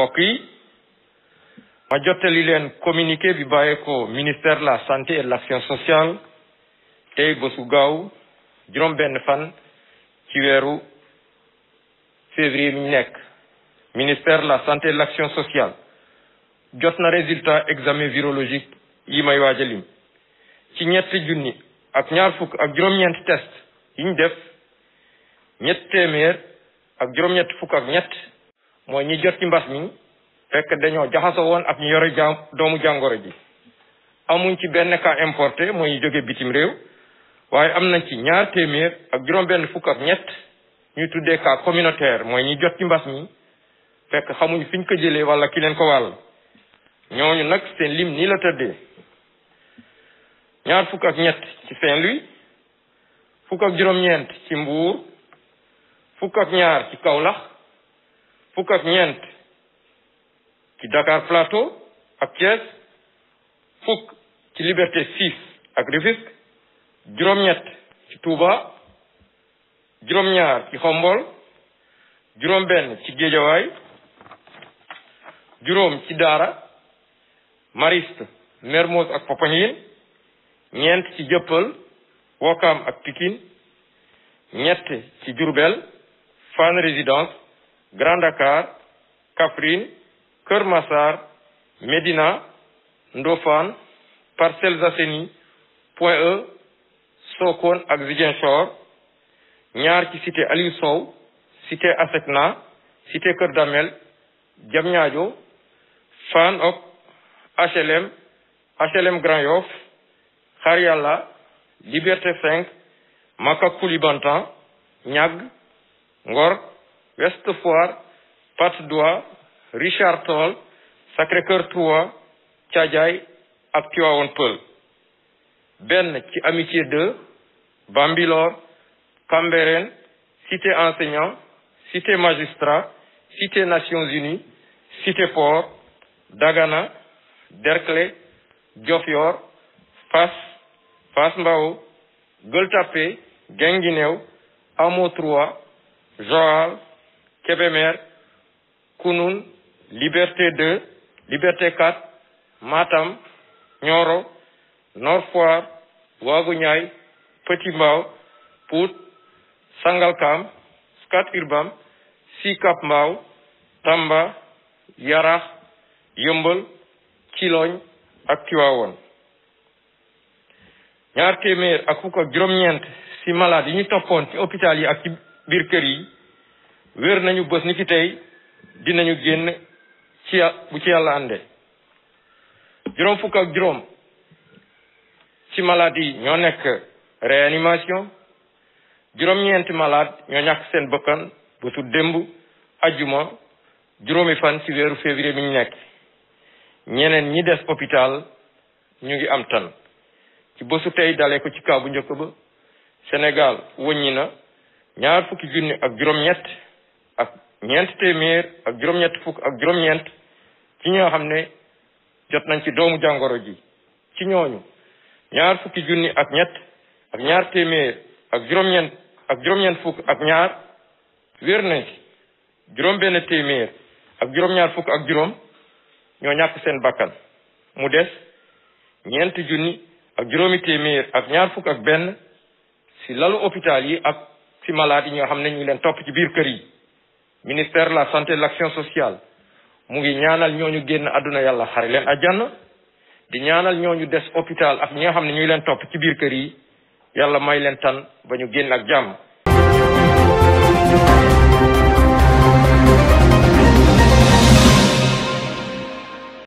mbokk yi ma jottali leen communiqué bi bàyyeekoo ministère la santé et de l'action sociale tey bésu gaaw juróom-benn fan ci weeru février mi nekk ministère la santé et de l'action sociale jot na résultat examen virologique yi may waaj a lim ci ñetti junni ak ñaar fukk ak juróom-ñeent test yi def ñett téeméer ak juróom-ñett fukk ak ñett mooy ñi jot ci mbas mi fekk dañoo jaxasoo woon ak ñu yore doomu jàngoro ji amuñ ci benn cas importé mooy ñu jóge bitim réew waaye am nañ ci ñaar téeméer ak juróom-benn fukk ak ñett ñuy tuddee cas communautaire mooy ñi jot ci mbas mi fekk xamuñ fiñ ko jëlee walla ki leen ko wàll ñooñu nag seen lim nii la tëddee ñaar fukk ak ñett ci Saint-Louis fukk ak juróom-ñeent ci Mbour fukk ak ñaar ci Kaolack fukk ak ñeent ci Dakar Plateau ak Thiès fukk ci Liberté 6 ak Rufisque juróom-ñett ci Touba juróom-ñaar ci Xombol juróom-benn ci Géejawaay juróom ci Daara Mariste Mermoz ak Popenguine ñeent ci Jëppal Wokam ak Pikine ñett ci Diourbel Fann Résidence Grand Dakar Kaffrine Kër Massar Médina Ndofane Parcelles Assainies Point E Sokone ak Ziguinchor ñaar ci cité Aliou Sow cité Asecna cité Kër Damel Diamniadio Fann Hock HLM HLM Grand Yoff Xar Yàlla Liberté 5 Maka Koulibantang Niague Ngor Ouest Foire Patte d'Oie Richard Toll Sacré-Cœur 3 Thiadiaye ak Tivaouane Peulh benn ci Amitié 2 Bambilor Cambérène Cité enseignant Cité magistrat Cité Nations Unies Cité Port Dagana Derklé Diofior Fass Fass Mbao Gueule Tapée Guinguinéo Hamo Joal Kébémer Kounoune Liberté 2 Liberté 4 Matam Nioro Nord Foire Ouagou Niayes Petit Scat Urbam Sicap Mbao Tamba Yarax Yëmbal Ciloñ ak Tiwaawoon ñaar téeméer ak fukk ak juróom-ñeent ci malade yi ñu toppoon ci hôpital yi ak ci biir kër yi wér nañu bés ni ki tey dinañu génn ci bu ci yàlla ànde juróom fukk ak juróom ci malade ñoo nekk réanimation juróom-ñeenti malade ñoo ñàkk seen bakkan bésu démb ajjuma juróomi fan ci weeru février bi ñu nekk ñeneen ñi des hôpital ñu ngi am tan ci bésu tey dalee ko ci kaabu njëkk ba Sénégal wëññi na ñaar fukki junni ak juróom-ñett ñeent téeméer ak juróom-ñett ak juróom-ñeent ci ñoo xam ne jot nañ ci doomu jàngoro ji ci ñooñu ñaar fukki junni ak ñett ak ñaar téeméer ak juróom-ñeent ak juróom-ñeent fukk ak ñaar wér nañ ci juróom téeméer ak juróom fukk ak juróom ñoo ñàkk seen bakkan mu des ñeent junni ak juróomi téeméer ak ñaar fukk ak benn si lalu hôpital yi ak si malade yi ñoo xam ne ñu leen topp ci biir kër yi ministère de la santé de l'action sociale mu ngi ñaanal ñoo ñu génn àdduna yàlla xare leen àjjana di ñaanal ñoo ñu des hôpital ak ñi nga xam ne ñuy leen topp ci biir kër yi yàlla may leen tan ba ñu génn ak jàmm